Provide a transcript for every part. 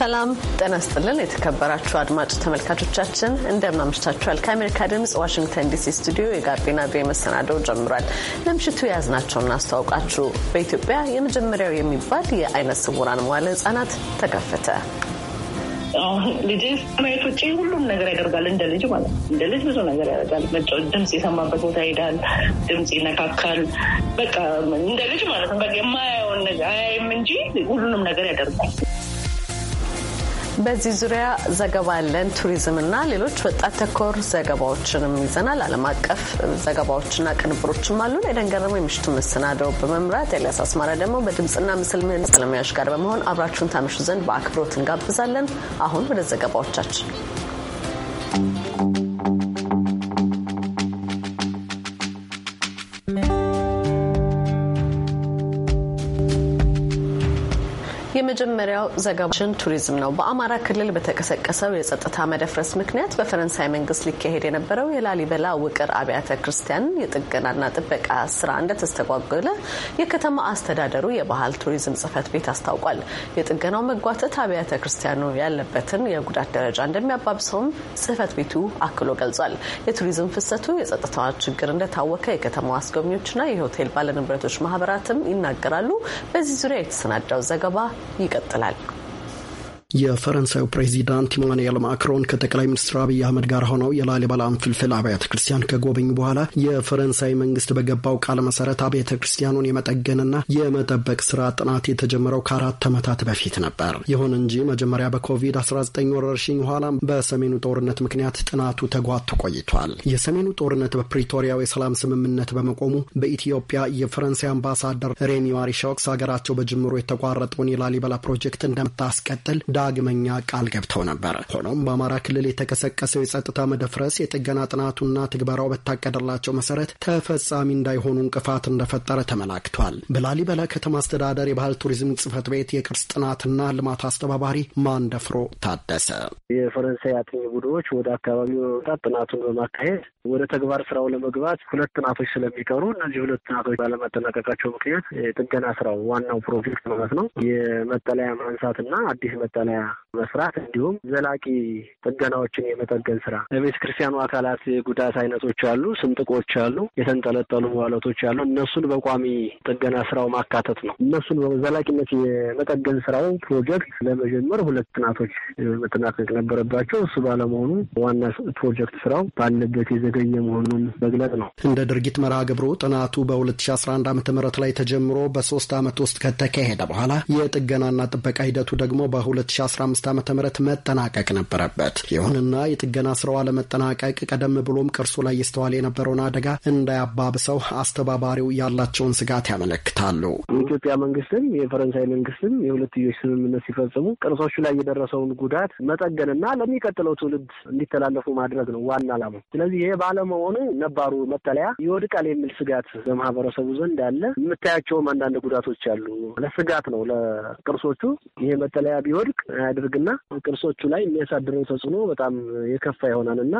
ሰላም ጤና ስጥልን። የተከበራችሁ አድማጭ ተመልካቾቻችን እንደምን አምሽታችኋል? ከአሜሪካ ድምጽ ዋሽንግተን ዲሲ ስቱዲዮ የጋቢና ቤ መሰናደው ጀምሯል። ለምሽቱ የያዝናቸው እናስተዋውቃችሁ። በኢትዮጵያ የመጀመሪያው የሚባል የአይነ ስውራን መዋለ ህጻናት ተከፈተ። ልጅ ከማየት ውጭ ሁሉም ነገር ያደርጋል። እንደ ልጅ ማለት እንደ ልጅ ብዙ ነገር ያደርጋል። መጫወት፣ ድምፅ የሰማበት ቦታ ይሄዳል። ድምፅ ይነካካል። በቃ እንደ ልጅ ማለት ነው። በቃ የማያየውን ነገር አያይም እንጂ ሁሉንም ነገር ያደርጋል። በዚህ ዙሪያ ዘገባ አለን። ቱሪዝምና ሌሎች ወጣት ተኮር ዘገባዎችንም ይዘናል። ዓለም አቀፍ ዘገባዎችና ቅንብሮችም አሉን። ኤደን ገረመው የምሽቱን መሰናደው በመምራት ኤልያስ አስማራ ደግሞ በድምፅና ምስል ምህንድስና ባለሙያዎች ጋር በመሆን አብራችሁን ታመሹ ዘንድ በአክብሮት እንጋብዛለን። አሁን ወደ ዘገባዎቻችን የመጀመሪያው ዘገባችን ቱሪዝም ነው። በአማራ ክልል በተቀሰቀሰው የጸጥታ መደፍረስ ምክንያት በፈረንሳይ መንግስት ሊካሄድ የነበረው የላሊበላ ውቅር አብያተ ክርስቲያን የጥገናና ጥበቃ ስራ እንደተስተጓጎለ የከተማ አስተዳደሩ የባህል ቱሪዝም ጽህፈት ቤት አስታውቋል። የጥገናው መጓተት አብያተ ክርስቲያኑ ያለበትን የጉዳት ደረጃ እንደሚያባብሰውም ጽህፈት ቤቱ አክሎ ገልጿል። የቱሪዝም ፍሰቱ የጸጥታ ችግር እንደታወቀ የከተማው አስጎብኚዎችና የሆቴል ባለንብረቶች ማህበራትም ይናገራሉ። በዚህ ዙሪያ የተሰናዳው ዘገባ ይቀጥላል። የፈረንሳዩ ፕሬዚዳንት ኢማኑኤል ማክሮን ከጠቅላይ ሚኒስትር አብይ አህመድ ጋር ሆነው የላሊበላን ፍልፍል አብያተ ክርስቲያን ከጎበኙ በኋላ የፈረንሳይ መንግስት በገባው ቃል መሰረት አብያተ ክርስቲያኑን የመጠገንና የመጠበቅ ስራ ጥናት የተጀመረው ከአራት ዓመታት በፊት ነበር። ይሁን እንጂ መጀመሪያ በኮቪድ-19 ወረርሽኝ ኋላም በሰሜኑ ጦርነት ምክንያት ጥናቱ ተጓቶ ቆይቷል። የሰሜኑ ጦርነት በፕሪቶሪያው የሰላም ስምምነት በመቆሙ በኢትዮጵያ የፈረንሳይ አምባሳደር ሬኒ ዋሪሾክስ ሀገራቸው በጅምሮ የተቋረጠውን የላሊበላ ፕሮጀክት እንደምታስቀጥል ዳግመኛ ቃል ገብተው ነበር። ሆኖም በአማራ ክልል የተቀሰቀሰው የጸጥታ መደፍረስ የጥገና ጥናቱና ትግበራው በታቀደላቸው መሰረት ተፈጻሚ እንዳይሆኑ እንቅፋት እንደፈጠረ ተመላክቷል። በላሊበላ ከተማ አስተዳደር የባህል ቱሪዝም ጽህፈት ቤት የቅርስ ጥናትና ልማት አስተባባሪ ማንደፍሮ ታደሰ የፈረንሳይ አጥኚ ቡድኖች ወደ አካባቢው በመምጣት ጥናቱን በማካሄድ ወደ ተግባር ስራው ለመግባት ሁለት ጥናቶች ስለሚቀሩ እነዚህ ሁለት ጥናቶች ባለመጠናቀቃቸው ምክንያት የጥገና ስራው ዋናው ፕሮጀክት ማለት ነው የመጠለያ ማንሳትና አዲስ መጠለያ ማጠናያ መስራት እንዲሁም ዘላቂ ጥገናዎችን የመጠገን ስራ ለቤተ ክርስቲያኑ አካላት የጉዳት አይነቶች አሉ፣ ስንጥቆች አሉ፣ የተንጠለጠሉ መዋለቶች አሉ። እነሱን በቋሚ ጥገና ስራው ማካተት ነው። እነሱን ዘላቂነት የመጠገን ስራው ፕሮጀክት ለመጀመር ሁለት ጥናቶች መጠናቀቅ ነበረባቸው። እሱ ባለመሆኑ ዋና ፕሮጀክት ስራው ባለበት የዘገየ መሆኑን መግለጽ ነው። እንደ ድርጊት መርሃ ግብሩ ጥናቱ በ2011 ዓ ም ላይ ተጀምሮ በሶስት ዓመት ውስጥ ከተካሄደ በኋላ የጥገናና ጥበቃ ሂደቱ ደግሞ በ 2015 ዓ ም መጠናቀቅ ነበረበት። ይሁንና የጥገና ስራው አለመጠናቀቅ ቀደም ብሎም ቅርሱ ላይ ይስተዋል የነበረውን አደጋ እንዳያባብሰው አስተባባሪው ያላቸውን ስጋት ያመለክታሉ። የኢትዮጵያ መንግስትም የፈረንሳይ መንግስትም የሁለትዮሽ ስምምነት ሲፈጽሙ ቅርሶቹ ላይ የደረሰውን ጉዳት መጠገንና ለሚቀጥለው ትውልድ እንዲተላለፉ ማድረግ ነው ዋና አላማ። ስለዚህ ይሄ ባለመሆኑ ነባሩ መጠለያ ይወድቃል የሚል ስጋት በማህበረሰቡ ዘንድ አለ። የምታያቸውም አንዳንድ ጉዳቶች አሉ። ለስጋት ነው ለቅርሶቹ ይሄ መጠለያ ቢወድቅ አያድርግና ቅርሶቹ ላይ የሚያሳድረው ተጽዕኖ በጣም የከፋ ይሆናል እና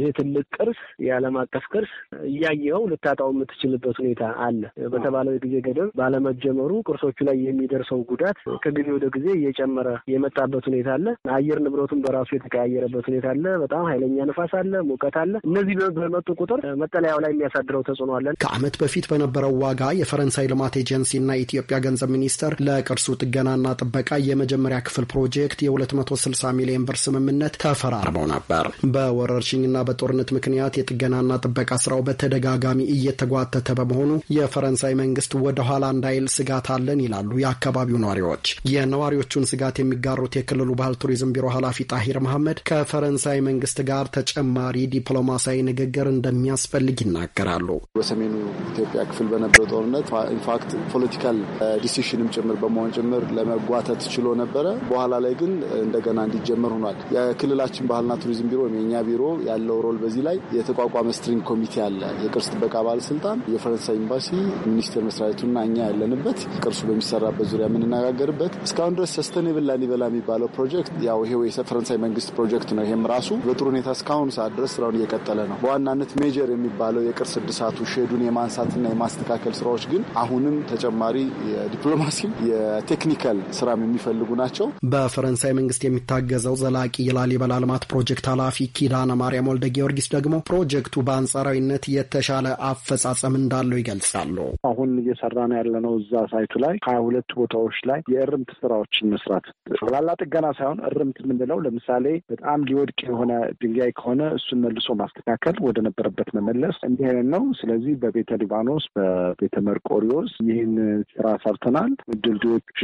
ይህ ትልቅ ቅርስ የዓለም አቀፍ ቅርስ እያየኸው ልታጣው የምትችልበት ሁኔታ አለ። በተባለው የጊዜ ገደብ ባለመጀመሩ ቅርሶቹ ላይ የሚደርሰው ጉዳት ከጊዜ ወደ ጊዜ እየጨመረ የመጣበት ሁኔታ አለ። አየር ንብረቱን በራሱ የተቀያየረበት ሁኔታ አለ። በጣም ኃይለኛ ንፋስ አለ፣ ሙቀት አለ። እነዚህ በመጡ ቁጥር መጠለያው ላይ የሚያሳድረው ተጽዕኖ አለ። ከዓመት በፊት በነበረው ዋጋ የፈረንሳይ ልማት ኤጀንሲ እና የኢትዮጵያ ገንዘብ ሚኒስቴር ለቅርሱ ጥገናና ጥበቃ የመጀመሪያ ክፍል ፕሮጀክት የ260 ሚሊዮን ብር ስምምነት ተፈራርመው ነበር። በወረርሽኝና በጦርነት ምክንያት የጥገናና ጥበቃ ስራው በተደጋጋሚ እየተጓተተ በመሆኑ የፈረንሳይ መንግስት ወደ ኋላ እንዳይል ስጋት አለን ይላሉ የአካባቢው ነዋሪዎች። የነዋሪዎቹን ስጋት የሚጋሩት የክልሉ ባህል ቱሪዝም ቢሮ ኃላፊ ጣሂር መሐመድ ከፈረንሳይ መንግስት ጋር ተጨማሪ ዲፕሎማሲያዊ ንግግር እንደሚያስፈልግ ይናገራሉ። በሰሜኑ ኢትዮጵያ ክፍል በነበረው ጦርነት ኢንፋክት ፖለቲካል ዲሲሽንም ጭምር በመሆን ጭምር ለመጓተት ችሎ ነበረ። በኋላ ላይ ግን እንደገና እንዲጀመር ሆኗል። የክልላችን ባህልና ቱሪዝም ቢሮ ወይም የእኛ ቢሮ ያለው ሮል በዚህ ላይ የተቋቋመ ስትሪንግ ኮሚቴ አለ። የቅርስ ጥበቃ ባለስልጣን፣ የፈረንሳይ ኤምባሲ፣ ሚኒስቴር መስሪያ ቤቱና እኛ ያለንበት ቅርሱ በሚሰራበት ዙሪያ የምንነጋገርበት እስካሁን ድረስ ሰስተኔብል ላሊበላ የሚባለው ፕሮጀክት ያው ይሄው የፈረንሳይ መንግስት ፕሮጀክት ነው። ይሄም ራሱ በጥሩ ሁኔታ እስካሁን ሰዓት ድረስ ስራውን እየቀጠለ ነው። በዋናነት ሜጀር የሚባለው የቅርስ እድሳቱ ሼዱን የማንሳትና የማስተካከል ስራዎች ግን አሁንም ተጨማሪ የዲፕሎማሲም የቴክኒካል ስራም የሚፈልጉ ናቸው። በፈረንሳይ መንግስት የሚታገዘው ዘላቂ የላሊበላ ልማት ፕሮጀክት ኃላፊ ኪዳነ ማርያም ወልደ ጊዮርጊስ ደግሞ ፕሮጀክቱ በአንጻራዊነት የተሻለ አፈጻጸም እንዳለው ይገልጻሉ። አሁን እየሰራ ነው ያለነው እዛ ሳይቱ ላይ ሀያ ሁለት ቦታዎች ላይ የእርምት ስራዎችን መስራት ጠቅላላ ጥገና ሳይሆን እርምት የምንለው ለምሳሌ በጣም ሊወድቅ የሆነ ድንጋይ ከሆነ እሱን መልሶ ማስተካከል፣ ወደ ነበረበት መመለስ እንዲህ አይነት ነው። ስለዚህ በቤተ ሊባኖስ፣ በቤተ መርቆሪዎስ ይህን ስራ ሰርተናል። ድልድዮች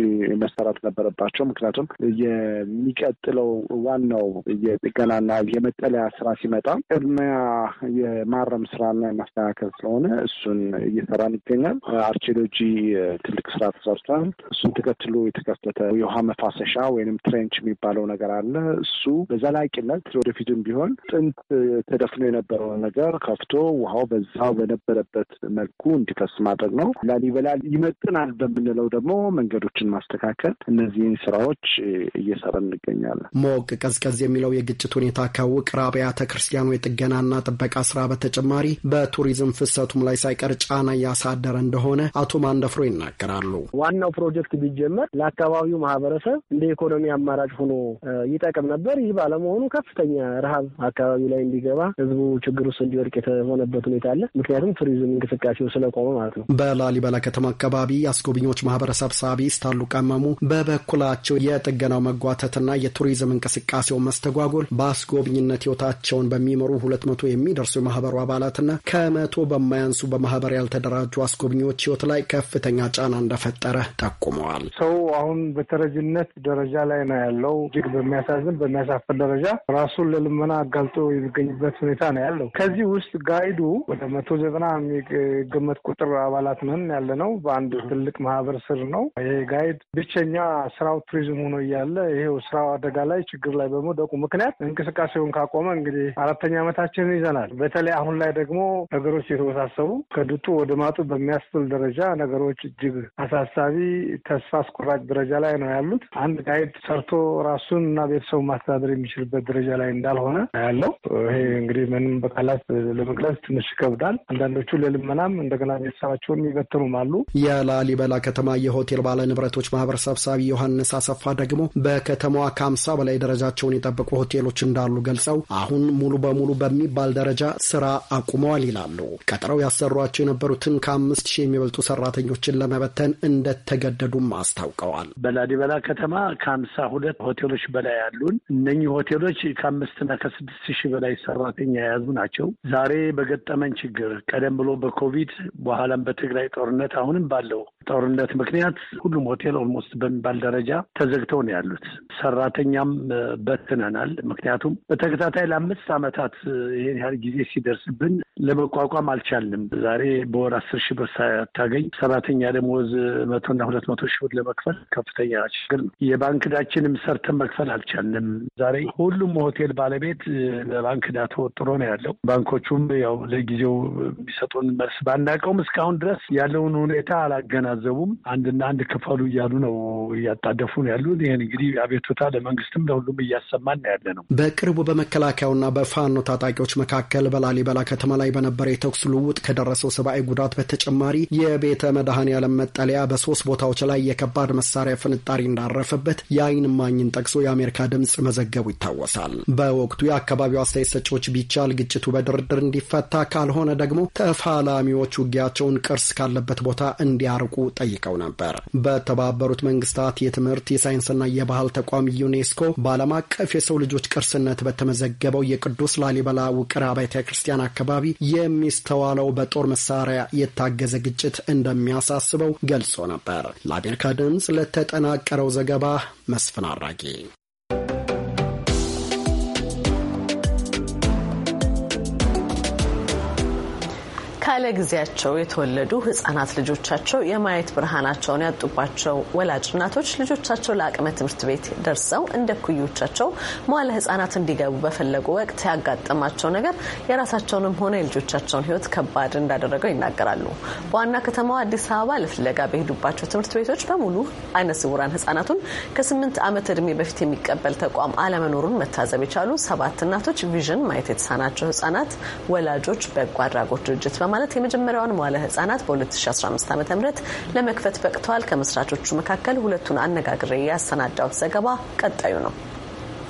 መሰራት ነበረባቸው ምክንያቱም የሚቀጥለው ዋናው የጥገናና የመጠለያ ስራ ሲመጣ ቅድሚያ የማረም ስራና የማስተካከል ስለሆነ እሱን እየሰራን ይገኛል። አርኪኦሎጂ ትልቅ ስራ ተሰርቷል። እሱን ተከትሎ የተከፈተ የውሃ መፋሰሻ ወይም ትሬንች የሚባለው ነገር አለ። እሱ በዘላቂነት ወደፊትም ቢሆን ጥንት ተደፍኖ የነበረውን ነገር ከፍቶ ውሃው በዛው በነበረበት መልኩ እንዲፈስ ማድረግ ነው። ላሊበላ ይመጥናል በምንለው ደግሞ መንገዶችን ማስተካከል እነዚህን ስራዎች እየሰራ እንገኛለን። ሞቅ ቀዝቀዝ የሚለው የግጭት ሁኔታ ከውቅር አብያተ ክርስቲያኑ የጥገናና ጥበቃ ስራ በተጨማሪ በቱሪዝም ፍሰቱም ላይ ሳይቀር ጫና እያሳደረ እንደሆነ አቶ ማንደፍሮ ይናገራሉ። ዋናው ፕሮጀክት ቢጀመር ለአካባቢው ማህበረሰብ እንደ ኢኮኖሚ አማራጭ ሆኖ ይጠቅም ነበር። ይህ ባለመሆኑ ከፍተኛ ረሃብ አካባቢው ላይ እንዲገባ ህዝቡ ችግር ውስጥ እንዲወድቅ የተሆነበት ሁኔታ አለ። ምክንያቱም ቱሪዝም እንቅስቃሴው ስለቆመ ማለት ነው። በላሊበላ ከተማ አካባቢ የአስጎብኞች ማህበረሰብ ሳቢ ስታሉ ቀመሙ በበኩላቸው የጥ ጥገናው መጓተትና የቱሪዝም እንቅስቃሴው መስተጓጎል በአስጎብኝነት ህይወታቸውን በሚመሩ ሁለት መቶ የሚደርሱ የማህበሩ አባላትና ከመቶ በማያንሱ በማህበር ያልተደራጁ አስጎብኚዎች ህይወት ላይ ከፍተኛ ጫና እንደፈጠረ ጠቁመዋል። ሰው አሁን በተረጅነት ደረጃ ላይ ነው ያለው። እጅግ በሚያሳዝን በሚያሳፍር ደረጃ ራሱን ለልመና አጋልጦ የሚገኝበት ሁኔታ ነው ያለው። ከዚህ ውስጥ ጋይዱ ወደ መቶ ዘጠና የሚገመት ቁጥር አባላት ነን ያለ ነው። በአንድ ትልቅ ማህበር ስር ነው ይሄ ጋይድ ብቸኛ ስራው ቱሪዝም ሆኖ እያለ ይሄው ስራው አደጋ ላይ ችግር ላይ በመውደቁ ምክንያት እንቅስቃሴውን ካቆመ እንግዲህ አራተኛ ዓመታችንን ይዘናል። በተለይ አሁን ላይ ደግሞ ነገሮች የተወሳሰቡ ከድጡ ወደ ማጡ በሚያስብል ደረጃ ነገሮች እጅግ አሳሳቢ፣ ተስፋ አስቆራጭ ደረጃ ላይ ነው ያሉት። አንድ ጋይድ ሰርቶ ራሱን እና ቤተሰቡን ማስተዳደር የሚችልበት ደረጃ ላይ እንዳልሆነ ያለው ይሄ እንግዲህ ምንም በቃላት ለመግለጽ ትንሽ ይከብዳል። አንዳንዶቹ ለልመናም እንደገና ቤተሰባቸውን ይበትኑም አሉ። የላሊበላ ከተማ የሆቴል ባለ ንብረቶች ማህበር ሰብሳቢ ዮሐንስ አሰፋ ደግ ደግሞ በከተማዋ ከአምሳ በላይ ደረጃቸውን የጠበቁ ሆቴሎች እንዳሉ ገልጸው አሁን ሙሉ በሙሉ በሚባል ደረጃ ስራ አቁመዋል ይላሉ። ቀጥረው ያሰሯቸው የነበሩትን ከአምስት ሺህ የሚበልጡ ሰራተኞችን ለመበተን እንደተገደዱም አስታውቀዋል። በላሊበላ ከተማ ከአምሳ ሁለት ሆቴሎች በላይ ያሉን እነኚህ ሆቴሎች ከአምስትና ከስድስት ሺህ በላይ ሰራተኛ የያዙ ናቸው። ዛሬ በገጠመን ችግር ቀደም ብሎ በኮቪድ በኋላም በትግራይ ጦርነት አሁንም ባለው ጦርነት ምክንያት ሁሉም ሆቴል ኦልሞስት በሚባል ደረጃ ተዘግ ተጎድተው ነው ያሉት። ሰራተኛም በትነናል። ምክንያቱም በተከታታይ ለአምስት አመታት ይሄን ያህል ጊዜ ሲደርስብን ለመቋቋም አልቻልንም። ዛሬ በወር አስር ሺህ ብር ሳታገኝ ሰራተኛ ደሞዝ መቶና ሁለት መቶ ሺህ ብር ለመክፈል ከፍተኛ ችግር ነው። የባንክ ዕዳችንም ሰርተን መክፈል አልቻልንም። ዛሬ ሁሉም ሆቴል ባለቤት ለባንክ ዕዳ ተወጥሮ ነው ያለው። ባንኮቹም ያው ለጊዜው የሚሰጡን መልስ ባናውቀውም እስካሁን ድረስ ያለውን ሁኔታ አላገናዘቡም። አንድና አንድ ክፈሉ እያሉ ነው እያጣደፉ ነው ያሉ። ይህን እንግዲህ አቤቱታ ለመንግስትም ለሁሉም እያሰማን ያለ ነው። በቅርቡ በመከላከያውና በፋኖ ታጣቂዎች መካከል በላሊበላ ከተማ ላይ በነበረ የተኩስ ልውውጥ ከደረሰው ሰብአዊ ጉዳት በተጨማሪ የቤተ መድኃኔዓለም መጠለያ በሶስት ቦታዎች ላይ የከባድ መሳሪያ ፍንጣሪ እንዳረፈበት የአይን እማኝን ጠቅሶ የአሜሪካ ድምፅ መዘገቡ ይታወሳል። በወቅቱ የአካባቢው አስተያየት ሰጪዎች ቢቻል ግጭቱ በድርድር እንዲፈታ ካልሆነ ደግሞ ተፋላሚዎች ውጊያቸውን ቅርስ ካለበት ቦታ እንዲያርቁ ጠይቀው ነበር። በተባበሩት መንግስታት የትምህርት የሳይንስ ቅርስና የባህል ተቋም ዩኔስኮ በዓለም አቀፍ የሰው ልጆች ቅርስነት በተመዘገበው የቅዱስ ላሊበላ ውቅር አብያተ ክርስቲያን አካባቢ የሚስተዋለው በጦር መሳሪያ የታገዘ ግጭት እንደሚያሳስበው ገልጾ ነበር። ለአሜሪካ ድምፅ ለተጠናቀረው ዘገባ መስፍን አራጌ ካለ ጊዜያቸው የተወለዱ ህጻናት ልጆቻቸው የማየት ብርሃናቸውን ያጡባቸው ወላጅ እናቶች ልጆቻቸው ለአቅመ ትምህርት ቤት ደርሰው እንደ ኩዮቻቸው መዋለ ህጻናት እንዲገቡ በፈለጉ ወቅት ያጋጠማቸው ነገር የራሳቸውንም ሆነ የልጆቻቸውን ህይወት ከባድ እንዳደረገው ይናገራሉ። በዋና ከተማዋ አዲስ አበባ ለፍለጋ በሄዱባቸው ትምህርት ቤቶች በሙሉ አይነ ስውራን ህጻናቱን ከስምንት ዓመት እድሜ በፊት የሚቀበል ተቋም አለመኖሩን መታዘብ የቻሉ ሰባት እናቶች ቪዥን ማየት የተሳናቸው ህጻናት ወላጆች በጎ አድራጎት ድርጅት በማለት ህጻናት የመጀመሪያውን መዋለ ህጻናት በ2015 ዓ ም ለመክፈት በቅተዋል። ከመስራቾቹ መካከል ሁለቱን አነጋግሬ ያሰናዳሁት ዘገባ ቀጣዩ ነው።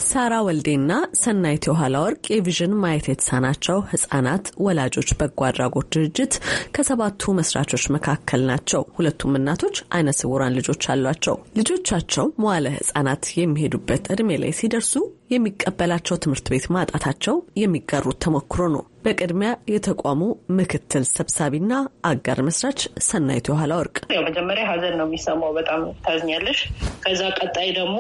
ሳራ ወልዴና ሰናይት የኋላ ወርቅ የቪዥን ማየት የተሳናቸው ህጻናት ወላጆች በጎ አድራጎት ድርጅት ከሰባቱ መስራቾች መካከል ናቸው። ሁለቱም እናቶች አይነ ስውራን ልጆች አሏቸው። ልጆቻቸው መዋለ ህጻናት የሚሄዱበት እድሜ ላይ ሲደርሱ የሚቀበላቸው ትምህርት ቤት ማጣታቸው የሚጋሩት ተሞክሮ ነው። በቅድሚያ የተቋሙ ምክትል ሰብሳቢና አጋር መስራች ሰናይት የኋላ ወርቅ። ያው መጀመሪያ ሀዘን ነው የሚሰማው፣ በጣም ታዝኛለሽ። ከዛ ቀጣይ ደግሞ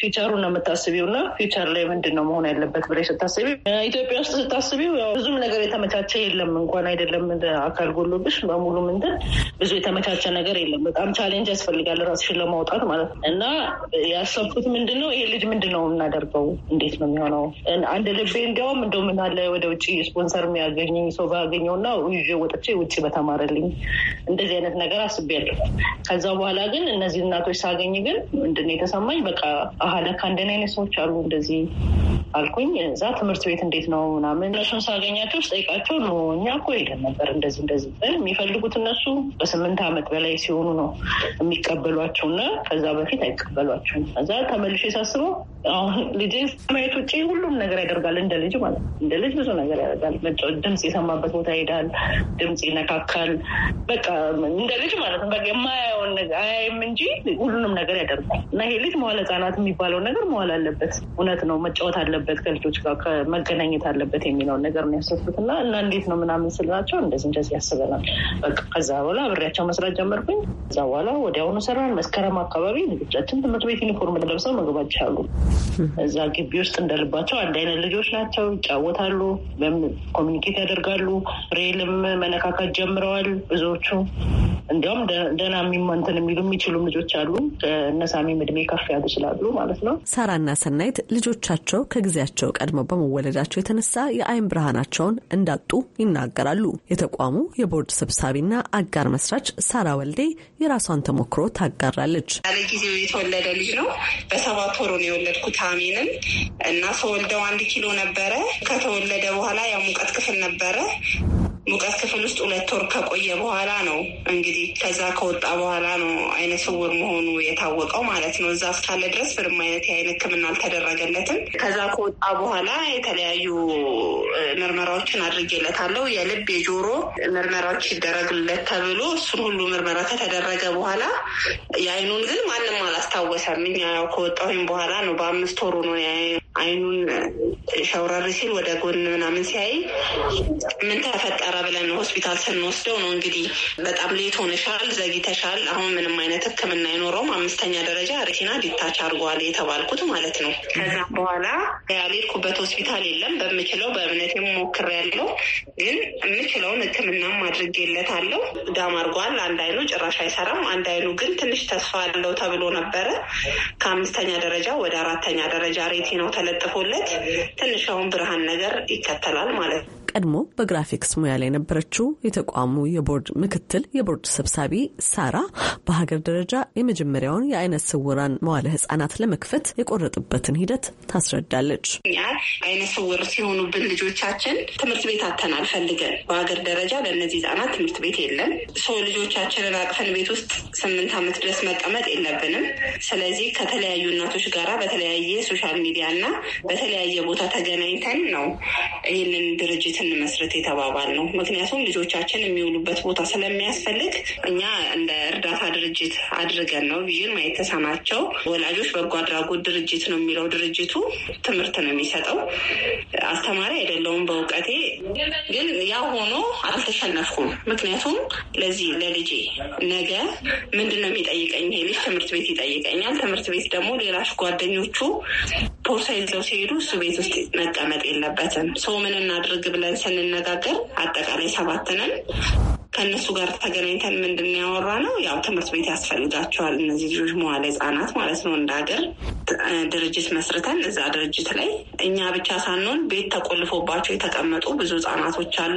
ፊቸሩ ነው የምታስቢው እና ፊቸር ላይ ምንድን ነው መሆን ያለበት ብለሽ ስታስቢው፣ ኢትዮጵያ ውስጥ ስታስቢው ብዙም ነገር የተመቻቸ የለም። እንኳን አይደለም አካል ጎሎብሽ በሙሉ ምንድን ብዙ የተመቻቸ ነገር የለም። በጣም ቻሌንጅ ያስፈልጋል ራስሽን ለማውጣት ማለት ነው እና ያሰብኩት ምንድን ነው ይሄ ልጅ ምንድን ነው የምናደርገው እንዴት ነው የሚሆነው? አንድ ልቤ እንዲያውም እንደው ምናለ ወደ ውጭ ስፖንሰር የሚያገኘኝ ሰው ና ይዤ ወጥቼ ውጭ በተማረልኝ እንደዚህ አይነት ነገር አስቤያለሁ። ከዛ በኋላ ግን እነዚህ እናቶች ሳገኝ ግን ምንድን የተሰማኝ በቃ አህለካ እንደን አይነት ሰዎች አሉ እንደዚህ አልኩኝ። እዛ ትምህርት ቤት እንዴት ነው ምናምን እነሱን ሳገኛቸው ስጠይቃቸው ነው እኛ እኮ ሄደን ነበር እንደዚህ እንደዚህ የሚፈልጉት እነሱ በስምንት ዓመት በላይ ሲሆኑ ነው የሚቀበሏቸው እና ከዛ በፊት አይቀበሏቸውም። እዛ ተመልሼ ሳስበው ልጅ ማየት ውጭ ሁሉም ነገር ያደርጋል እንደ ልጅ ማለት ነው። እንደ ልጅ ብዙ ነገር ያደርጋል። ድምፅ የሰማበት ቦታ ይሄዳል። ድምፅ ይነካካል። በቃ እንደ ልጅ ማለት ነው። የማያየውን ነገር አያይም እንጂ ሁሉንም ነገር ያደርጋል እና ይሄ ልጅ መዋለ ህጻናት የሚባለው ነገር መዋል አለበት። እውነት ነው መጫወት አለበት አለበት ከልጆች ጋር መገናኘት አለበት የሚለውን ነገር ነው ያሰብኩት እና እና እንዴት ነው ምናምን ስላቸው እንደዚህ እንደዚህ ያስበናል። በቃ ከዛ በኋላ አብሬያቸው መስራት ጀመርኩኝ። ከዛ በኋላ ወዲያውኑ ሰራን። መስከረም አካባቢ ልጆቻችን ትምህርት ቤት ዩኒፎርም ለብሰው መግባት አሉ እዛ ግቢ ውስጥ እንደልባቸው አንድ አይነት ልጆች ናቸው። ይጫወታሉ፣ ኮሚኒኬት ያደርጋሉ። ሬልም መነካካት ጀምረዋል ብዙዎቹ። እንዲያውም ደህና የሚማንትን የሚሉ የሚችሉ ልጆች አሉ። እነሳሚ እድሜ ከፍ ያሉ ስላሉ ማለት ነው። ሳራና ሰናይት ልጆቻቸው ከጊዜያቸው ቀድመው በመወለዳቸው የተነሳ የአይን ብርሃናቸውን እንዳጡ ይናገራሉ። የተቋሙ የቦርድ ሰብሳቢና አጋር መስራች ሳራ ወልዴ የራሷን ተሞክሮ ታጋራለች። ያለ ጊዜው የተወለደ ልጅ ነው። በሰባት ወሩ ነው የወለድኩት አሜንን እና ሰው ወልደው አንድ ኪሎ ነበረ። ከተወለደ በኋላ የሙቀት ክፍል ነበረ ሙቀት ክፍል ውስጥ ሁለት ወር ከቆየ በኋላ ነው እንግዲህ ከዛ ከወጣ በኋላ ነው አይነ ስውር መሆኑ የታወቀው ማለት ነው። እዛ እስካለ ድረስ ምንም አይነት የአይን ሕክምና አልተደረገለትም። ከዛ ከወጣ በኋላ የተለያዩ ምርመራዎችን አድርጌለታለሁ። የልብ የጆሮ ምርመራዎች ይደረግለት ተብሎ እሱን ሁሉ ምርመራ ከተደረገ በኋላ የአይኑን ግን ማንም አላስታወሰም። እኛ ያው ከወጣሁኝ በኋላ ነው በአምስት ወሩ ነው አይኑን ሸውረር ሲል ወደ ጎን ምናምን ሲያይ ምን ተፈጠረ ብለን ሆስፒታል ስንወስደው ነው እንግዲህ በጣም ሌት ሆነሻል፣ ዘግይተሻል፣ አሁን ምንም አይነት ሕክምና አይኖረውም፣ አምስተኛ ደረጃ ሬቲና ዲታች አድርጓል የተባልኩት ማለት ነው። ከዛም በኋላ ያልሄድኩበት ሆስፒታል የለም። በምችለው በእምነቴ ሞክሬያለሁ፣ ግን የምችለውን ሕክምናም አድርጌለታለሁ። ዳም አድርጓል። አንድ አይኑ ጭራሽ አይሰራም፣ አንድ አይኑ ግን ትንሽ ተስፋ አለው ተብሎ ነበረ። ከአምስተኛ ደረጃ ወደ አራተኛ ደረጃ ሬቲ ነው ተለጥፎለት ትንሽ አሁን ብርሃን ነገር ይከተላል ማለት ነው። ቀድሞ በግራፊክስ ሙያ ላይ የነበረችው የተቋሙ የቦርድ ምክትል የቦርድ ሰብሳቢ ሳራ በሀገር ደረጃ የመጀመሪያውን የአይነ ስውራን መዋለ ህጻናት ለመክፈት የቆረጥበትን ሂደት ታስረዳለች። እኛ አይነ ስውር ሲሆኑብን ልጆቻችን ትምህርት ቤት አተናል ፈልገን በሀገር ደረጃ ለእነዚህ ህጻናት ትምህርት ቤት የለም። ሰው ልጆቻችንን አቅፈን ቤት ውስጥ ስምንት ዓመት ድረስ መቀመጥ የለብንም። ስለዚህ ከተለያዩ እናቶች ጋራ በተለያየ ሶሻል ሚዲያ እና በተለያየ ቦታ ተገናኝተን ነው ይህንን ድርጅት እንመስረት የተባባል ነው። ምክንያቱም ልጆቻችን የሚውሉበት ቦታ ስለሚያስፈልግ እኛ እንደ እርዳታ ድርጅት አድርገን ነው ብዬን ማየት ተሳናቸው። ወላጆች በጎ አድራጎት ድርጅት ነው የሚለው ድርጅቱ ትምህርት ነው የሚሰጠው። አስተማሪ አይደለውም በእውቀቴ ግን ያ ሆኖ አልተሸነፍኩም። ምክንያቱም ለዚህ ለልጄ ነገ ምንድን ነው የሚጠይቀኝ ይሄ ልጅ ትምህርት ቤት ይጠይቀኛል። ትምህርት ቤት ደግሞ ሌላች ጓደኞቹ ቦርሳ ይዘው ሲሄዱ እሱ ቤት ውስጥ መቀመጥ የለበትም። ሶ ምን እናድርግ ብለን ስንነጋገር አጠቃላይ ሰባት ነን። ከእነሱ ጋር ተገናኝተን ምንድን ያወራ ነው ያው ትምህርት ቤት ያስፈልጋቸዋል እነዚህ ልጆች መዋለ ህጻናት ማለት ነው። እንደ ሀገር ድርጅት መስርተን እዛ ድርጅት ላይ እኛ ብቻ ሳንሆን ቤት ተቆልፎባቸው የተቀመጡ ብዙ ህጻናቶች አሉ።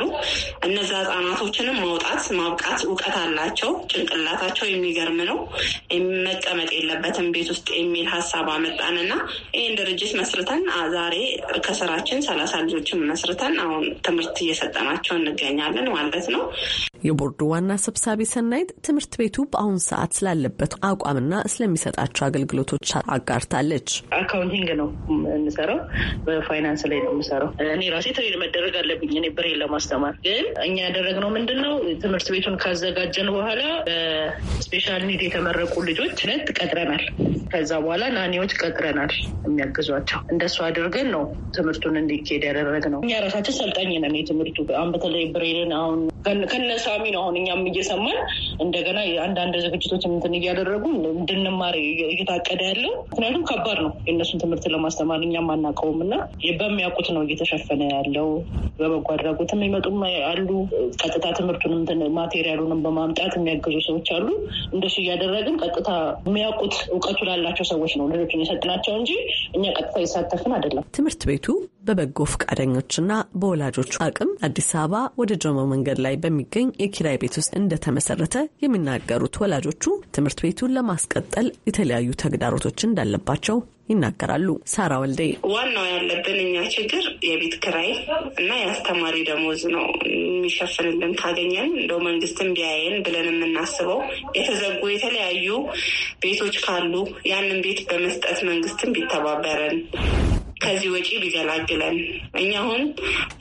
እነዛ ህጻናቶችንም ማውጣት ማብቃት፣ እውቀት አላቸው፣ ጭንቅላታቸው የሚገርም ነው፣ መቀመጥ የለበትም ቤት ውስጥ የሚል ሀሳብ አመጣን ይህን ድርጅት መስርተን ዛሬ ከስራችን ሰላሳ ልጆችን መስርተን አሁን ትምህርት እየሰጠናቸው እንገኛለን ማለት ነው። የቦርዱ ዋና ሰብሳቢ ሰናይት ትምህርት ቤቱ በአሁን ሰዓት ስላለበት አቋምና ስለሚሰጣቸው አገልግሎቶች አጋርታለች። አካውንቲንግ ነው የምንሰራው፣ በፋይናንስ ላይ ነው የምሰራው። እኔ ራሴ ትሬድ መደረግ አለብኝ፣ እኔ ብሬ ለማስተማር ግን እኛ ያደረግነው ምንድን ነው ትምህርት ቤቱን ካዘጋጀን በኋላ በስፔሻል ኒድ የተመረቁ ልጆች ነት ቀጥረናል። ከዛ በኋላ ናኒዎች ቀጥረናል የሚያግዟቸው። እንደሱ አድርገን ነው ትምህርቱን እንዲካሄድ ያደረግነው። እኛ ራሳችን ሰልጣኝ ነን የትምህርቱ አሁን በተለይ ብሬልን አሁን ከነሳ ተጠቃሚ ነው። አሁን እኛም እየሰማን እንደገና አንዳንድ ዝግጅቶች እንትን እያደረጉ እንድንማር እየታቀደ ያለው ምክንያቱም ከባድ ነው የእነሱን ትምህርት ለማስተማር እኛም አናውቀውም እና በሚያውቁት ነው እየተሸፈነ ያለው። በበጎ አድራጎትም ይመጡም አሉ። ቀጥታ ትምህርቱንም ማቴሪያሉንም በማምጣት የሚያግዙ ሰዎች አሉ። እንደሱ እያደረግን ቀጥታ የሚያውቁት እውቀቱ ላላቸው ሰዎች ነው ልጆቹን የሰጥናቸው እንጂ እኛ ቀጥታ የሳተፍን አይደለም። ትምህርት ቤቱ በበጎ ፈቃደኞችና በወላጆች አቅም አዲስ አበባ ወደ ጆሞ መንገድ ላይ በሚገኝ የኪራይ ቤት ውስጥ እንደተመሰረተ የሚናገሩት ወላጆቹ ትምህርት ቤቱን ለማስቀጠል የተለያዩ ተግዳሮቶች እንዳለባቸው ይናገራሉ። ሳራ ወልዴ ዋናው ያለብን እኛ ችግር የቤት ክራይ እና የአስተማሪ ደሞዝ ነው። የሚሸፍንልን ካገኘን እንደው መንግስትም ቢያየን ብለን የምናስበው የተዘጉ የተለያዩ ቤቶች ካሉ ያንን ቤት በመስጠት መንግስትም ቢተባበረን ከዚህ ወጪ ቢገላግለን። እኛ አሁን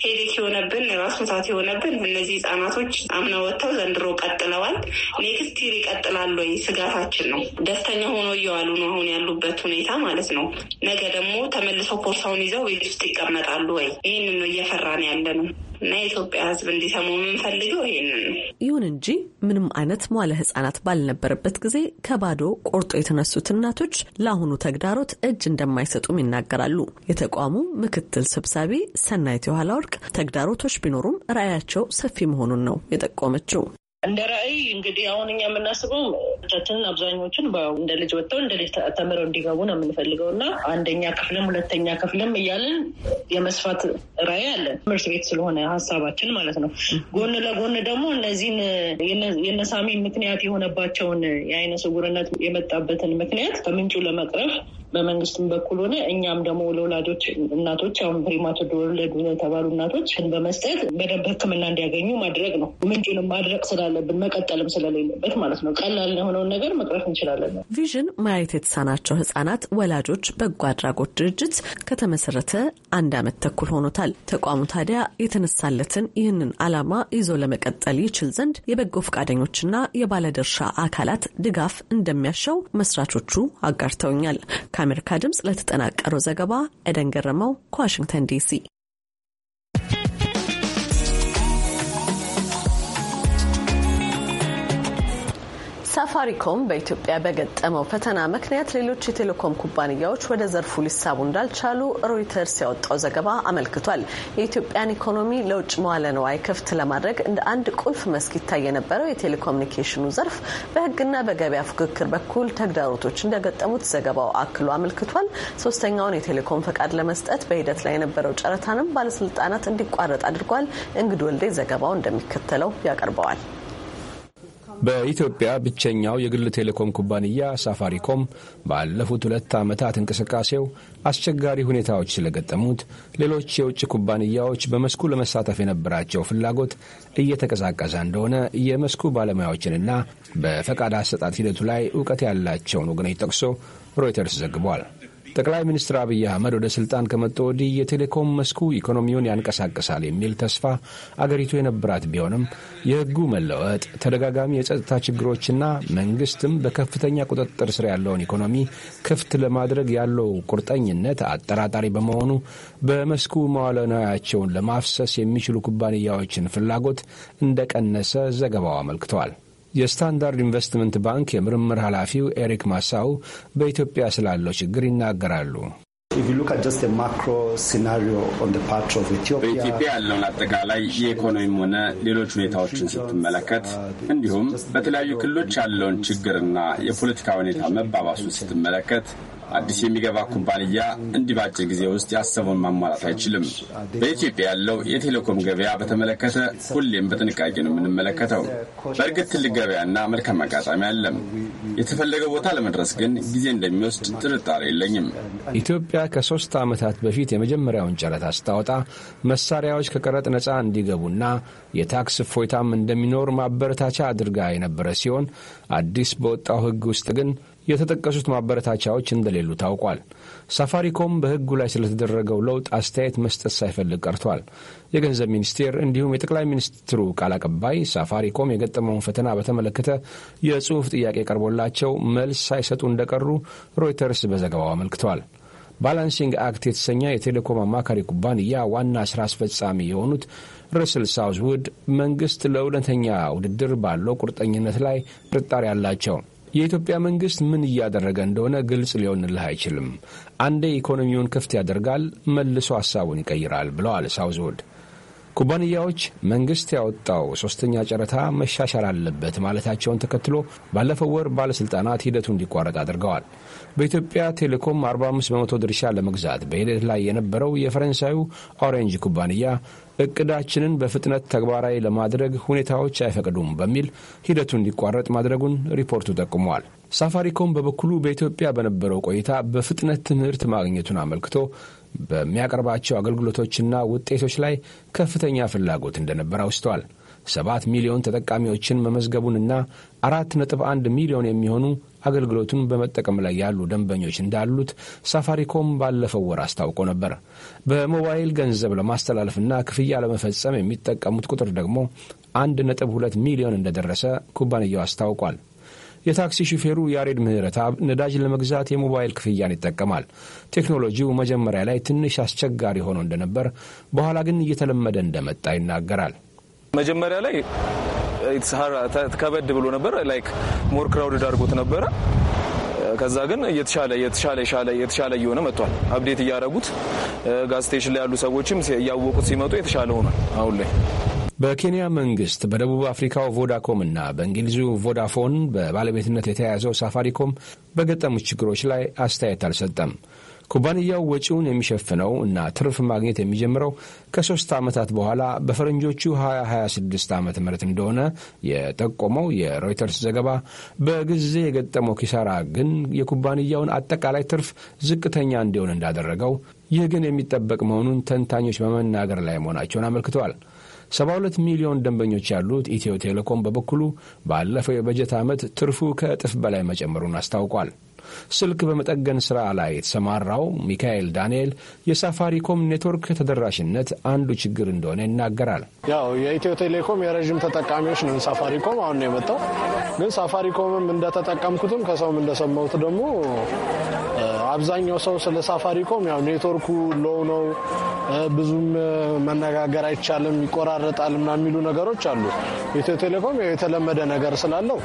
ሄዴክ የሆነብን ራስ መታት የሆነብን እነዚህ ህጻናቶች አምና ወጥተው ዘንድሮ ቀጥለዋል። ኔክስት ይር ይቀጥላሉ ወይ ስጋታችን ነው። ደስተኛ ሆኖ እየዋሉ ነው አሁን ያሉበት ሁኔታ ማለት ነው። ነገ ደግሞ ተመልሰው ፖርሳውን ይዘው ቤት ውስጥ ይቀመጣሉ ወይ? ይህንን ነው እየፈራን ነው። እና የኢትዮጵያ ሕዝብ እንዲሰሙ የምንፈልገው ይሄንን ነው። ይሁን እንጂ ምንም አይነት መዋለ ሕጻናት ባልነበረበት ጊዜ ከባዶ ቆርጦ የተነሱት እናቶች ለአሁኑ ተግዳሮት እጅ እንደማይሰጡም ይናገራሉ። የተቋሙ ምክትል ሰብሳቢ ሰናይት የኋላ ወርቅ ተግዳሮቶች ቢኖሩም ራዕያቸው ሰፊ መሆኑን ነው የጠቆመችው። እንደ ራዕይ እንግዲህ አሁን እኛ የምናስበው ልጆቻችንን አብዛኞቹን እንደ ልጅ ወጥተው እንደ ልጅ ተምረው እንዲገቡ ነው የምንፈልገው እና አንደኛ ክፍልም ሁለተኛ ክፍልም እያልን የመስፋት ራዕይ አለን። ትምህርት ቤት ስለሆነ ሀሳባችን ማለት ነው። ጎን ለጎን ደግሞ እነዚህን የነሳሚ ምክንያት የሆነባቸውን የአይነ ስውርነት የመጣበትን ምክንያት ከምንጩ ለመቅረፍ በመንግስትም በኩል ሆነ እኛም ደግሞ ለወላጆች እናቶች አሁን ፕሪማቶር ወለዱ የተባሉ እናቶች በመስጠት በደንብ ህክምና እንዲያገኙ ማድረግ ነው። ምንጩንም ማድረግ ስላለብን መቀጠልም ስለሌለበት ማለት ነው። ቀላል የሆነውን ነገር መቅረፍ እንችላለን። ቪዥን ማየት የተሳናቸው ህጻናት ወላጆች በጎ አድራጎት ድርጅት ከተመሰረተ አንድ ዓመት ተኩል ሆኖታል። ተቋሙ ታዲያ የተነሳለትን ይህንን ዓላማ ይዞ ለመቀጠል ይችል ዘንድ የበጎ ፈቃደኞችና የባለድርሻ አካላት ድጋፍ እንደሚያሻው መስራቾቹ አጋርተውኛል። ከአሜሪካ ድምፅ ለተጠናቀረው ዘገባ ኤደን ገረመው ከዋሽንግተን ዲሲ ሳፋሪኮም በኢትዮጵያ በገጠመው ፈተና ምክንያት ሌሎች የቴሌኮም ኩባንያዎች ወደ ዘርፉ ሊሳቡ እንዳልቻሉ ሮይተርስ ያወጣው ዘገባ አመልክቷል። የኢትዮጵያን ኢኮኖሚ ለውጭ መዋለ ንዋይ ክፍት ለማድረግ እንደ አንድ ቁልፍ መስክ ይታይ የነበረው የቴሌኮሙኒኬሽኑ ዘርፍ በሕግና በገበያ ፉክክር በኩል ተግዳሮቶች እንደገጠሙት ዘገባው አክሎ አመልክቷል። ሶስተኛውን የቴሌኮም ፈቃድ ለመስጠት በሂደት ላይ የነበረው ጨረታንም ባለስልጣናት እንዲቋረጥ አድርጓል። እንግድ ወልዴ ዘገባው እንደሚከተለው ያቀርበዋል። በኢትዮጵያ ብቸኛው የግል ቴሌኮም ኩባንያ ሳፋሪኮም ባለፉት ሁለት ዓመታት እንቅስቃሴው አስቸጋሪ ሁኔታዎች ስለገጠሙት ሌሎች የውጭ ኩባንያዎች በመስኩ ለመሳተፍ የነበራቸው ፍላጎት እየተቀዛቀዘ እንደሆነ የመስኩ ባለሙያዎችንና በፈቃድ አሰጣጥ ሂደቱ ላይ እውቀት ያላቸውን ወገኖች ጠቅሶ ሮይተርስ ዘግቧል። ጠቅላይ ሚኒስትር አብይ አህመድ ወደ ስልጣን ከመጡ ወዲህ የቴሌኮም መስኩ ኢኮኖሚውን ያንቀሳቅሳል የሚል ተስፋ አገሪቱ የነበራት ቢሆንም የህጉ መለወጥ፣ ተደጋጋሚ የጸጥታ ችግሮችና መንግስትም በከፍተኛ ቁጥጥር ስር ያለውን ኢኮኖሚ ክፍት ለማድረግ ያለው ቁርጠኝነት አጠራጣሪ በመሆኑ በመስኩ መዋለ ንዋያቸውን ለማፍሰስ የሚችሉ ኩባንያዎችን ፍላጎት እንደቀነሰ ዘገባው አመልክተዋል። የስታንዳርድ ኢንቨስትመንት ባንክ የምርምር ኃላፊው ኤሪክ ማሳው በኢትዮጵያ ስላለው ችግር ይናገራሉ። በኢትዮጵያ ያለውን አጠቃላይ የኢኮኖሚም ሆነ ሌሎች ሁኔታዎችን ስትመለከት እንዲሁም በተለያዩ ክልሎች ያለውን ችግርና የፖለቲካ ሁኔታ መባባሱን ስትመለከት አዲስ የሚገባ ኩባንያ እንዲህ በአጭር ጊዜ ውስጥ ያሰበውን ማሟላት አይችልም። በኢትዮጵያ ያለው የቴሌኮም ገበያ በተመለከተ ሁሌም በጥንቃቄ ነው የምንመለከተው። በእርግጥ ትልቅ ገበያና መልካም አጋጣሚ አለም። የተፈለገው ቦታ ለመድረስ ግን ጊዜ እንደሚወስድ ጥርጣሬ የለኝም። ኢትዮጵያ ከሶስት ዓመታት በፊት የመጀመሪያውን ጨረታ ስታወጣ መሳሪያዎች ከቀረጥ ነፃ እንዲገቡና የታክስ እፎይታም እንደሚኖር ማበረታቻ አድርጋ የነበረ ሲሆን አዲስ በወጣው ሕግ ውስጥ ግን የተጠቀሱት ማበረታቻዎች እንደሌሉ ታውቋል። ሳፋሪኮም በሕጉ ላይ ስለተደረገው ለውጥ አስተያየት መስጠት ሳይፈልግ ቀርቷል። የገንዘብ ሚኒስቴር እንዲሁም የጠቅላይ ሚኒስትሩ ቃል አቀባይ ሳፋሪኮም የገጠመውን ፈተና በተመለከተ የጽሑፍ ጥያቄ ቀርቦላቸው መልስ ሳይሰጡ እንደቀሩ ሮይተርስ በዘገባው አመልክቷል። ባላንሲንግ አክት የተሰኘ የቴሌኮም አማካሪ ኩባንያ ዋና ስራ አስፈጻሚ የሆኑት ርስል ሳውዝውድ መንግስት ለእውነተኛ ውድድር ባለው ቁርጠኝነት ላይ ጥርጣሬ አላቸው። የኢትዮጵያ መንግስት ምን እያደረገ እንደሆነ ግልጽ ሊሆንልህ አይችልም። አንዴ ኢኮኖሚውን ክፍት ያደርጋል፣ መልሶ ሀሳቡን ይቀይራል ብለዋል ሳውዝውድ። ኩባንያዎች መንግስት ያወጣው ሶስተኛ ጨረታ መሻሻል አለበት ማለታቸውን ተከትሎ ባለፈው ወር ባለስልጣናት ሂደቱ እንዲቋረጥ አድርገዋል። በኢትዮጵያ ቴሌኮም 45 በመቶ ድርሻ ለመግዛት በሂደት ላይ የነበረው የፈረንሳዩ ኦሬንጅ ኩባንያ እቅዳችንን በፍጥነት ተግባራዊ ለማድረግ ሁኔታዎች አይፈቅዱም በሚል ሂደቱ እንዲቋረጥ ማድረጉን ሪፖርቱ ጠቁመዋል። ሳፋሪኮም በበኩሉ በኢትዮጵያ በነበረው ቆይታ በፍጥነት ትምህርት ማግኘቱን አመልክቶ በሚያቀርባቸው አገልግሎቶችና ውጤቶች ላይ ከፍተኛ ፍላጎት እንደነበር አውስተዋል። ሰባት ሚሊዮን ተጠቃሚዎችን መመዝገቡንና አራት ነጥብ አንድ ሚሊዮን የሚሆኑ አገልግሎቱን በመጠቀም ላይ ያሉ ደንበኞች እንዳሉት ሳፋሪኮም ባለፈው ወር አስታውቆ ነበር። በሞባይል ገንዘብ ለማስተላለፍና ክፍያ ለመፈጸም የሚጠቀሙት ቁጥር ደግሞ አንድ ነጥብ ሁለት ሚሊዮን እንደደረሰ ኩባንያው አስታውቋል። የታክሲ ሹፌሩ ያሬድ ምህረትአብ ነዳጅ ለመግዛት የሞባይል ክፍያን ይጠቀማል። ቴክኖሎጂው መጀመሪያ ላይ ትንሽ አስቸጋሪ ሆኖ እንደነበር፣ በኋላ ግን እየተለመደ እንደመጣ ይናገራል። መጀመሪያ ላይ ከበድ ብሎ ነበር። ላይክ ሞር ክራውድድ አድርጎት ነበረ። ከዛ ግን እየተሻለ የተሻለ ሻለ እየሆነ መጥቷል። አብዴት እያደረጉት ጋዝ ስቴሽን ላይ ያሉ ሰዎችም እያወቁት ሲመጡ የተሻለ ሆኗል አሁን ላይ በኬንያ መንግስት በደቡብ አፍሪካው ቮዳኮም እና በእንግሊዙ ቮዳፎን በባለቤትነት የተያያዘው ሳፋሪኮም በገጠሙት ችግሮች ላይ አስተያየት አልሰጠም። ኩባንያው ወጪውን የሚሸፍነው እና ትርፍ ማግኘት የሚጀምረው ከሶስት ዓመታት በኋላ በፈረንጆቹ 2026 ዓ ም እንደሆነ የጠቆመው የሮይተርስ ዘገባ በጊዜ የገጠመው ኪሳራ ግን የኩባንያውን አጠቃላይ ትርፍ ዝቅተኛ እንዲሆን እንዳደረገው፣ ይህ ግን የሚጠበቅ መሆኑን ተንታኞች በመናገር ላይ መሆናቸውን አመልክተዋል። 72 ሚሊዮን ደንበኞች ያሉት ኢትዮ ቴሌኮም በበኩሉ ባለፈው የበጀት ዓመት ትርፉ ከእጥፍ በላይ መጨመሩን አስታውቋል። ስልክ በመጠገን ሥራ ላይ የተሰማራው ሚካኤል ዳንኤል የሳፋሪኮም ኔትወርክ ተደራሽነት አንዱ ችግር እንደሆነ ይናገራል። ያው የኢትዮ ቴሌኮም የረዥም ተጠቃሚዎች ነን። ሳፋሪኮም አሁን ነው የመጣው። ግን ሳፋሪኮምም እንደተጠቀምኩትም ከሰውም እንደሰማሁት ደግሞ አብዛኛው ሰው ስለ ሳፋሪኮም ያው ኔትወርኩ ሎው ነው፣ ብዙም መነጋገር አይቻልም፣ ይቆራረጣል ምና የሚሉ ነገሮች አሉ። ኢትዮ ቴሌኮም የተለመደ ነገር ስላለው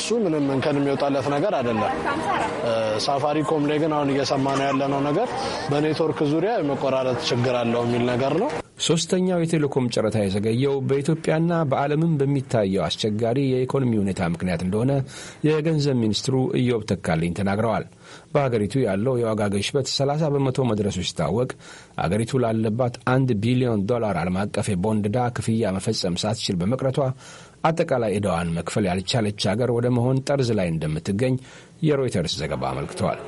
እሱ ምንም እንከን የሚወጣለት ነገር አይደለም። ሳፋሪኮም ላይ ግን አሁን እየሰማ ነው ያለነው ነገር በኔትወርክ ዙሪያ የመቆራረጥ ችግር አለው የሚል ነገር ነው። ሦስተኛው የቴሌኮም ጨረታ የዘገየው በኢትዮጵያና በዓለምም በሚታየው አስቸጋሪ የኢኮኖሚ ሁኔታ ምክንያት እንደሆነ የገንዘብ ሚኒስትሩ ኢዮብ ተካልኝ ተናግረዋል። በአገሪቱ ያለው የዋጋ ግሽበት 30 በመቶ መድረሱ ሲታወቅ አገሪቱ ላለባት አንድ ቢሊዮን ዶላር ዓለም አቀፍ የቦንድ ዕዳ ክፍያ መፈጸም ሳትችል በመቅረቷ አጠቃላይ ዕዳዋን መክፈል ያልቻለች አገር ወደ መሆን ጠርዝ ላይ እንደምትገኝ የሮይተርስ ዘገባ አመልክተዋል።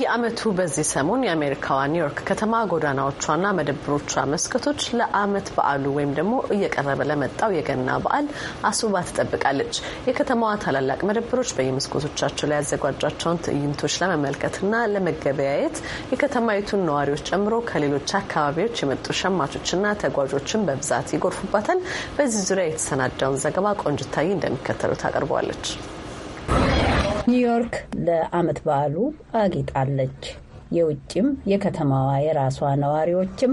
በየዓመቱ በዚህ ሰሞን የአሜሪካዋ ኒውዮርክ ከተማ ጎዳናዎቿና መደብሮቿ መስኮቶች ለአመት በዓሉ ወይም ደግሞ እየቀረበ ለመጣው የገና በዓል አስውባ ትጠብቃለች። የከተማዋ ታላላቅ መደብሮች በየመስኮቶቻቸው ላይ ያዘጋጇቸውን ትዕይንቶች ለመመልከትና ለመገበያየት የከተማይቱን ነዋሪዎች ጨምሮ ከሌሎች አካባቢዎች የመጡ ሸማቾችና ተጓዦችን በብዛት ይጎርፉባታል። በዚህ ዙሪያ የተሰናዳውን ዘገባ ቆንጅታይ እንደሚከተሉት ታቀርበዋለች። ኒውዮርክ ለአመት በዓሉ አጊጣለች። የውጭም የከተማዋ የራሷ ነዋሪዎችም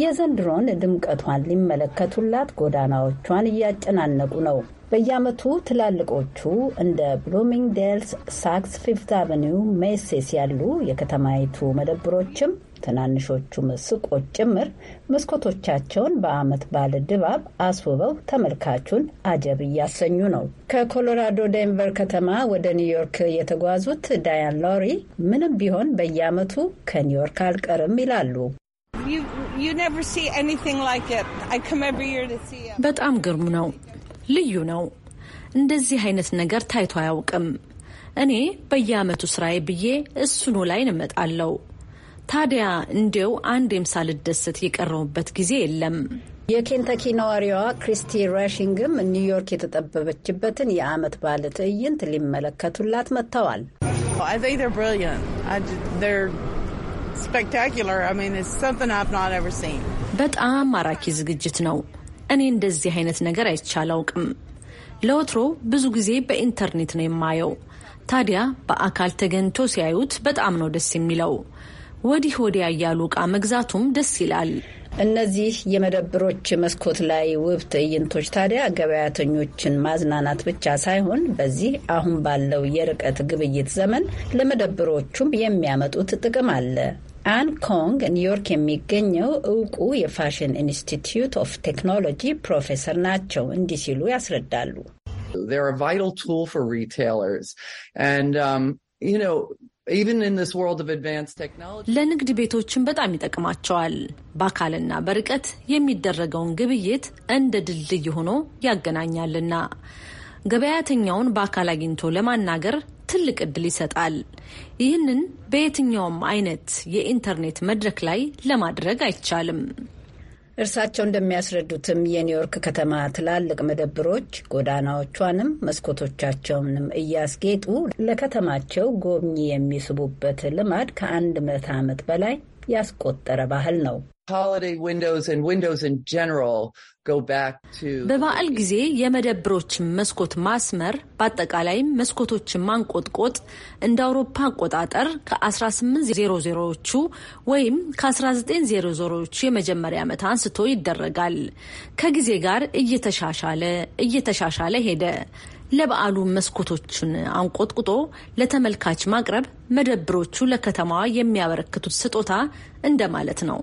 የዘንድሮን ድምቀቷን ሊመለከቱላት ጎዳናዎቿን እያጨናነቁ ነው። በየዓመቱ ትላልቆቹ እንደ ብሉሚንግዴልስ፣ ሳክስ ፊፍት አቨኒው፣ ሜሴስ ያሉ የከተማይቱ መደብሮችም ትናንሾቹም ሱቆች ጭምር መስኮቶቻቸውን በዓመት ባለ ድባብ አስውበው ተመልካቹን አጀብ እያሰኙ ነው። ከኮሎራዶ ዴንቨር ከተማ ወደ ኒውዮርክ የተጓዙት ዳያን ሎሪ ምንም ቢሆን በየዓመቱ ከኒውዮርክ አልቀርም ይላሉ። በጣም ግርም ነው። ልዩ ነው። እንደዚህ አይነት ነገር ታይቶ አያውቅም። እኔ በየአመቱ ስራዬ ብዬ እሱኑ ላይ እንመጣለው። ታዲያ እንዲው አንዴም ሳልደሰት የቀረሙበት ጊዜ የለም። የኬንታኪ ነዋሪዋ ክሪስቲ ራሽንግም ኒውዮርክ የተጠበበችበትን የአመት ባለ ትዕይንት ሊመለከቱላት መጥተዋል። በጣም ማራኪ ዝግጅት ነው። እኔ እንደዚህ አይነት ነገር አይቻላውቅም። ለወትሮ ብዙ ጊዜ በኢንተርኔት ነው የማየው። ታዲያ በአካል ተገኝቶ ሲያዩት በጣም ነው ደስ የሚለው። ወዲህ ወዲያ እያሉ ዕቃ መግዛቱም ደስ ይላል። እነዚህ የመደብሮች መስኮት ላይ ውብ ትዕይንቶች ታዲያ ገበያተኞችን ማዝናናት ብቻ ሳይሆን በዚህ አሁን ባለው የርቀት ግብይት ዘመን ለመደብሮቹም የሚያመጡት ጥቅም አለ። አን ኮንግ ኒውዮርክ የሚገኘው እውቁ የፋሽን ኢንስቲትዩት ኦፍ ቴክኖሎጂ ፕሮፌሰር ናቸው። እንዲህ ሲሉ ያስረዳሉ። ለንግድ ቤቶችን በጣም ይጠቅማቸዋል። በአካልና በርቀት የሚደረገውን ግብይት እንደ ድልድይ ሆኖ ያገናኛልና ገበያተኛውን በአካል አግኝቶ ለማናገር ትልቅ እድል ይሰጣል። ይህንን በየትኛውም አይነት የኢንተርኔት መድረክ ላይ ለማድረግ አይቻልም። እርሳቸው እንደሚያስረዱትም የኒውዮርክ ከተማ ትላልቅ መደብሮች ጎዳናዎቿንም መስኮቶቻቸውንም እያስጌጡ ለከተማቸው ጎብኚ የሚስቡበት ልማድ ከአንድ መቶ ዓመት በላይ ያስቆጠረ ባህል ነው። holiday windows and windows in general በበዓል ጊዜ የመደብሮችን መስኮት ማስመር በአጠቃላይም መስኮቶችን ማንቆጥቆጥ እንደ አውሮፓ አቆጣጠር ከ1800ዎቹ ወይም ከ1900ዎቹ የመጀመሪያ ዓመት አንስቶ ይደረጋል። ከጊዜ ጋር እየተሻሻለ እየተሻሻለ ሄደ። ለበዓሉ መስኮቶችን አንቆጥቁጦ ለተመልካች ማቅረብ መደብሮቹ ለከተማዋ የሚያበረክቱት ስጦታ እንደማለት ነው።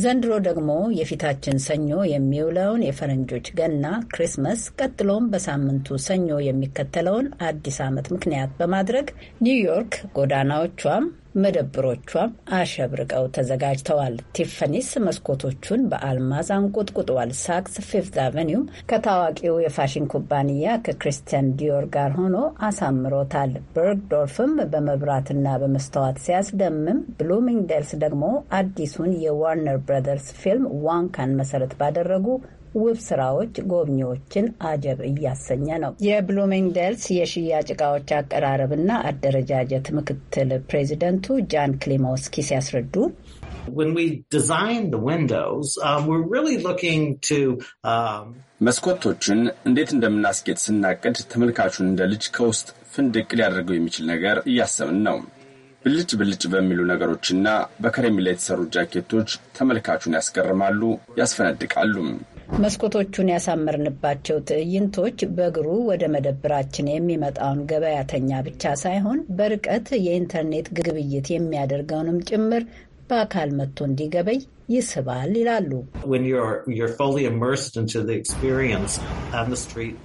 ዘንድሮ ደግሞ የፊታችን ሰኞ የሚውለውን የፈረንጆች ገና ክሪስመስ፣ ቀጥሎም በሳምንቱ ሰኞ የሚከተለውን አዲስ ዓመት ምክንያት በማድረግ ኒውዮርክ ጎዳናዎቿም መደብሮቿም አሸብርቀው ተዘጋጅተዋል። ቲፈኒስ መስኮቶቹን በአልማዝ አንቆጥቁጠዋል። ሳክስ ፊፍት አቨኒውም ከታዋቂው የፋሽን ኩባንያ ከክሪስቲያን ዲዮር ጋር ሆኖ አሳምሮታል። በርግዶርፍም በመብራትና በመስተዋት ሲያስደምም፣ ብሉሚንግደልስ ደግሞ አዲሱን የዋርነር ብረደርስ ፊልም ዋንካን መሰረት ባደረጉ ውብ ስራዎች ጎብኚዎችን አጀብ እያሰኘ ነው። የብሉሜንደልስ የሽያጭ እቃዎች አቀራረብና አደረጃጀት ምክትል ፕሬዚደንቱ ጃን ክሊሞስኪ ሲያስረዱ um, um, መስኮቶቹን እንዴት እንደምናስጌጥ ስናቅድ ተመልካቹን እንደ ልጅ ከውስጥ ፍንድቅ ሊያደርገው የሚችል ነገር እያሰብን ነው። ብልጭ ብልጭ በሚሉ ነገሮችና በከረሜላ የተሰሩ ጃኬቶች ተመልካቹን ያስገርማሉ፣ ያስፈነድቃሉ። መስኮቶቹን ያሳመርንባቸው ትዕይንቶች በእግሩ ወደ መደብራችን የሚመጣውን ገበያተኛ ብቻ ሳይሆን በርቀት የኢንተርኔት ግብይት የሚያደርገውንም ጭምር በአካል መጥቶ እንዲገበይ ይስባል ይላሉ።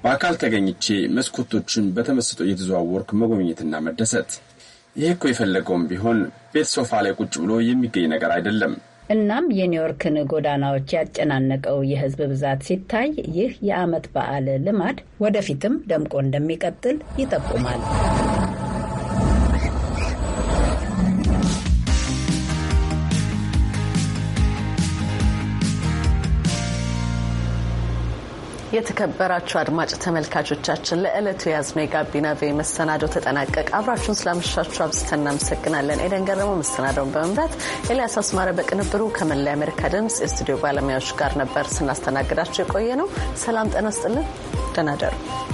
በአካል ተገኝቼ መስኮቶቹን በተመስጦ እየተዘዋወርኩ መጎብኘትና መደሰት፣ ይህ እኮ የፈለገውም ቢሆን ቤት ሶፋ ላይ ቁጭ ብሎ የሚገኝ ነገር አይደለም። እናም የኒውዮርክን ጎዳናዎች ያጨናነቀው የህዝብ ብዛት ሲታይ ይህ የአመት በዓል ልማድ ወደፊትም ደምቆ እንደሚቀጥል ይጠቁማል። የተከበራችሁ አድማጭ ተመልካቾቻችን ለዕለቱ የያዝነው የጋቢና ቬ መሰናዶ ተጠናቀቅ። አብራችሁን ስላመሻችሁ አብዝተን እናመሰግናለን። ኤደን ገረመው መሰናዶውን በመምራት ኤልያስ አስማረ በቅንብሩ ከመላ የአሜሪካ ድምፅ የስቱዲዮ ባለሙያዎች ጋር ነበር ስናስተናግዳቸው የቆየ ነው። ሰላም ጤና ይስጥልን። ደህና ደሩ።